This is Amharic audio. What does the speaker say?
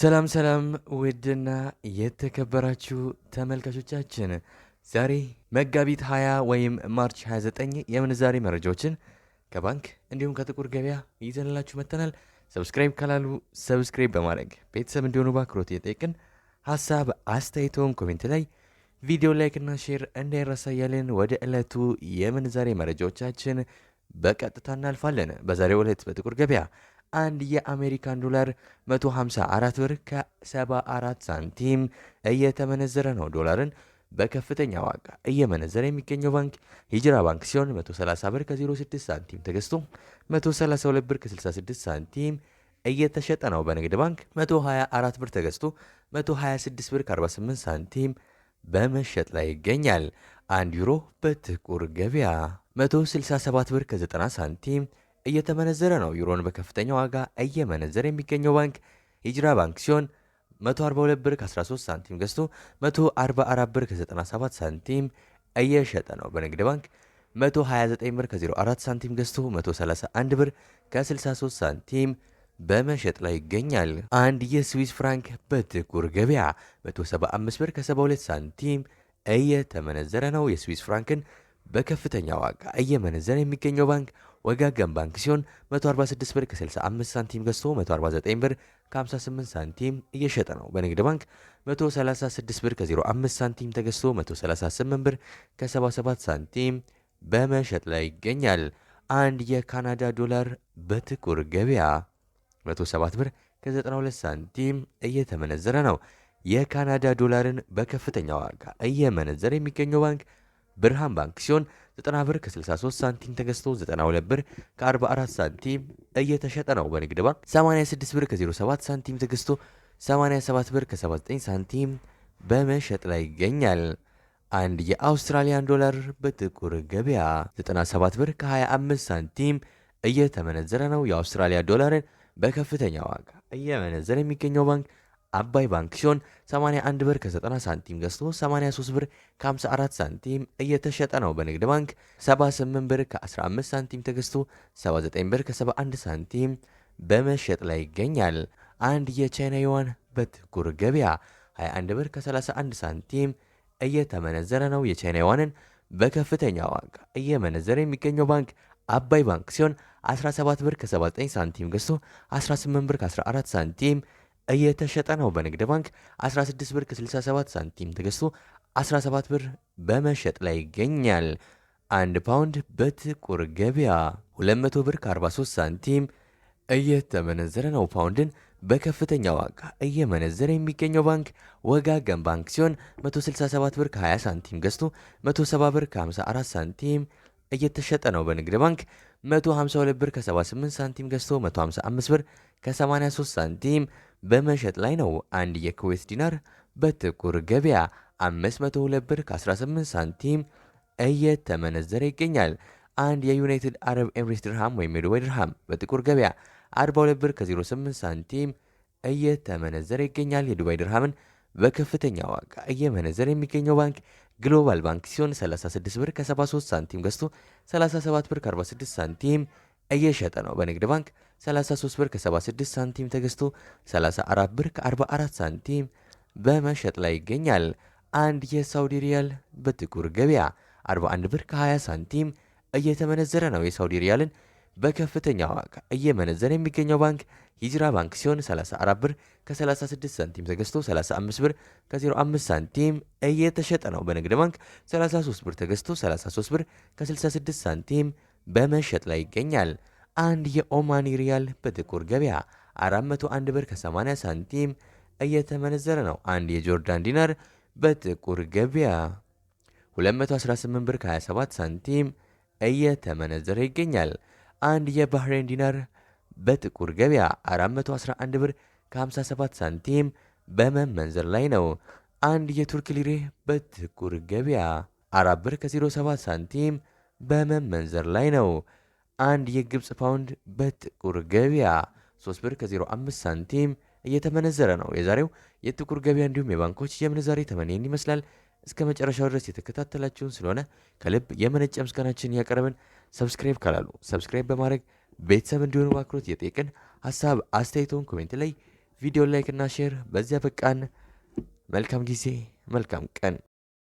ሰላም ሰላም ውድና የተከበራችሁ ተመልካቾቻችን ዛሬ መጋቢት 20 ወይም ማርች 29 የምንዛሬ መረጃዎችን ከባንክ እንዲሁም ከጥቁር ገበያ ይዘንላችሁ መጥተናል። ሰብስክራይብ ካላሉ ሰብስክራይብ በማድረግ ቤተሰብ እንዲሆኑ በአክብሮት እየጠየቅን ሀሳብ አስተያየቶን ኮሜንት ላይ ቪዲዮ ላይክና ሼር እንዳይረሳ እያልን ወደ ዕለቱ የምንዛሬ መረጃዎቻችን በቀጥታ እናልፋለን። በዛሬው ዕለት በጥቁር ገበያ አንድ የአሜሪካን ዶላር 154 ብር ከ74 ሳንቲም እየተመነዘረ ነው። ዶላርን በከፍተኛ ዋጋ እየመነዘረ የሚገኘው ባንክ ሂጅራ ባንክ ሲሆን 130 ብር ከ06 ሳንቲም ተገዝቶ 132 ብር ከ66 ሳንቲም እየተሸጠ ነው። በንግድ ባንክ 124 ብር ተገዝቶ 126 ብር ከ48 ሳንቲም በመሸጥ ላይ ይገኛል። አንድ ዩሮ በጥቁር ገበያ 167 ብር ከ90 ሳንቲም እየተመነዘረ ነው። ዩሮን በከፍተኛ ዋጋ እየመነዘረ የሚገኘው ባንክ ሂጅራ ባንክ ሲሆን 142 ብር ከ13 ሳንቲም ገዝቶ 144 ብር ከ97 ሳንቲም እየሸጠ ነው። በንግድ ባንክ 129 ብር ከ04 ሳንቲም ገዝቶ 131 ብር ከ63 ሳንቲም በመሸጥ ላይ ይገኛል። አንድ የስዊስ ፍራንክ በጥቁር ገበያ 175 ብር ከ72 ሳንቲም እየተመነዘረ ነው። የስዊስ ፍራንክን በከፍተኛ ዋጋ እየመነዘረ የሚገኘው ባንክ ወጋገን ባንክ ሲሆን 146 ብር ከ65 ሳንቲም ገዝቶ 149 ብር ከ58 ሳንቲም እየሸጠ ነው። በንግድ ባንክ 136 ብር ከ05 ሳንቲም ተገዝቶ 138 ብር ከ77 ሳንቲም በመሸጥ ላይ ይገኛል። አንድ የካናዳ ዶላር በጥቁር ገበያ 107 ብር ከ92 ሳንቲም እየተመነዘረ ነው። የካናዳ ዶላርን በከፍተኛ ዋጋ እየመነዘረ የሚገኘው ባንክ ብርሃን ባንክ ሲሆን 90 ብር ከ63 ሳንቲም ተገዝቶ 92 ብር ከ44 ሳንቲም እየተሸጠ ነው። በንግድ ባንክ 86 ብር ከ07 ሳንቲም ተገዝቶ 87 ብር ከ79 ሳንቲም በመሸጥ ላይ ይገኛል። አንድ የአውስትራሊያን ዶላር በጥቁር ገበያ 97 ብር ከ25 ሳንቲም እየተመነዘረ ነው። የአውስትራሊያ ዶላርን በከፍተኛ ዋጋ እየመነዘረ የሚገኘው ባንክ አባይ ባንክ ሲሆን 81 ብር ከ90 ሳንቲም ገዝቶ 83 ብር ከ54 ሳንቲም እየተሸጠ ነው። በንግድ ባንክ 78 ብር ከ15 ሳንቲም ተገዝቶ 79 ብር ከ71 ሳንቲም በመሸጥ ላይ ይገኛል። አንድ የቻይና ዩዋን በጥቁር ገበያ 21 ብር ከ31 ሳንቲም እየተመነዘረ ነው። የቻይና ዩዋንን በከፍተኛ ዋጋ እየመነዘረ የሚገኘው ባንክ አባይ ባንክ ሲሆን 17 ብር ከ79 ሳንቲም ገዝቶ 18 ብር ከ14 ሳንቲም እየተሸጠ ነው። በንግድ ባንክ 16 ብር ከ67 ሳንቲም ተገዝቶ 17 ብር በመሸጥ ላይ ይገኛል። አንድ ፓውንድ በጥቁር ገበያ 200 ብር ከ43 ሳንቲም እየተመነዘረ ነው። ፓውንድን በከፍተኛ ዋጋ እየመነዘረ የሚገኘው ባንክ ወጋገን ባንክ ሲሆን 167 ብር ከ20 ሳንቲም ገዝቶ 170 ብር ከ54 ሳንቲም እየተሸጠ ነው። በንግድ ባንክ 152 ብር ከ78 ሳንቲም ገዝቶ 155 ብር ከ83 ሳንቲም በመሸጥ ላይ ነው። አንድ የኩዌት ዲናር በጥቁር ገበያ 502 ብር ከ18 ሳንቲም እየተመነዘረ ይገኛል። አንድ የዩናይትድ አረብ ኤምሬት ድርሃም ወይም የዱባይ ድርሃም በጥቁር ገበያ 42 ብር ከ08 ሳንቲም እየተመነዘረ ይገኛል። የዱባይ ድርሃምን በከፍተኛ ዋጋ እየመነዘረ የሚገኘው ባንክ ግሎባል ባንክ ሲሆን 36 ብር ከ73 ሳንቲም ገዝቶ 37 ብር ከ46 ሳንቲም እየሸጠ ነው። በንግድ ባንክ 33 ብር ከ76 ሳንቲም ተገዝቶ 34 ብር ከ44 ሳንቲም በመሸጥ ላይ ይገኛል። አንድ የሳውዲ ሪያል በጥቁር ገበያ 41 ብር ከ20 ሳንቲም እየተመነዘረ ነው። የሳውዲ ሪያልን በከፍተኛ ዋጋ እየመነዘረ የሚገኘው ባንክ ሂጅራ ባንክ ሲሆን 34 ብር ከ36 ሳንቲም ተገዝቶ 35 ብር ከ05 ሳንቲም እየተሸጠ ነው። በንግድ ባንክ 33 ብር ተገዝቶ 33 ብር ከ66 ሳንቲም በመሸጥ ላይ ይገኛል። አንድ የኦማኒ ሪያል በጥቁር ገበያ 401 ብር ከ80 ሳንቲም እየተመነዘረ ነው። አንድ የጆርዳን ዲናር በጥቁር ገበያ 218 ብር ከ27 ሳንቲም እየተመነዘረ ይገኛል። አንድ የባህሬን ዲናር በጥቁር ገበያ 411 ብር ከ57 ሳንቲም በመመንዘር ላይ ነው። አንድ የቱርክ ሊሬ በጥቁር ገበያ 4 ብር ከ07 ሳንቲም በመመንዘር ላይ ነው። አንድ የግብፅ ፓውንድ በጥቁር ገበያ 3 ብር ከ05 ሳንቲም እየተመነዘረ ነው። የዛሬው የጥቁር ገበያ እንዲሁም የባንኮች የምንዛሬ ተመኔን ይመስላል። እስከ መጨረሻው ድረስ የተከታተላችሁን ስለሆነ ከልብ የመነጨ ምስጋናችን ያቀረብን። ሰብስክራይብ ካላሉ ሰብስክራይብ በማድረግ ቤተሰብ እንዲሆኑ በአክብሮት የጠየቅን ሀሳብ አስተያየቶን ኮሜንት ላይ ቪዲዮ ላይክ እና ሼር። በዚያ በቃን። መልካም ጊዜ፣ መልካም ቀን።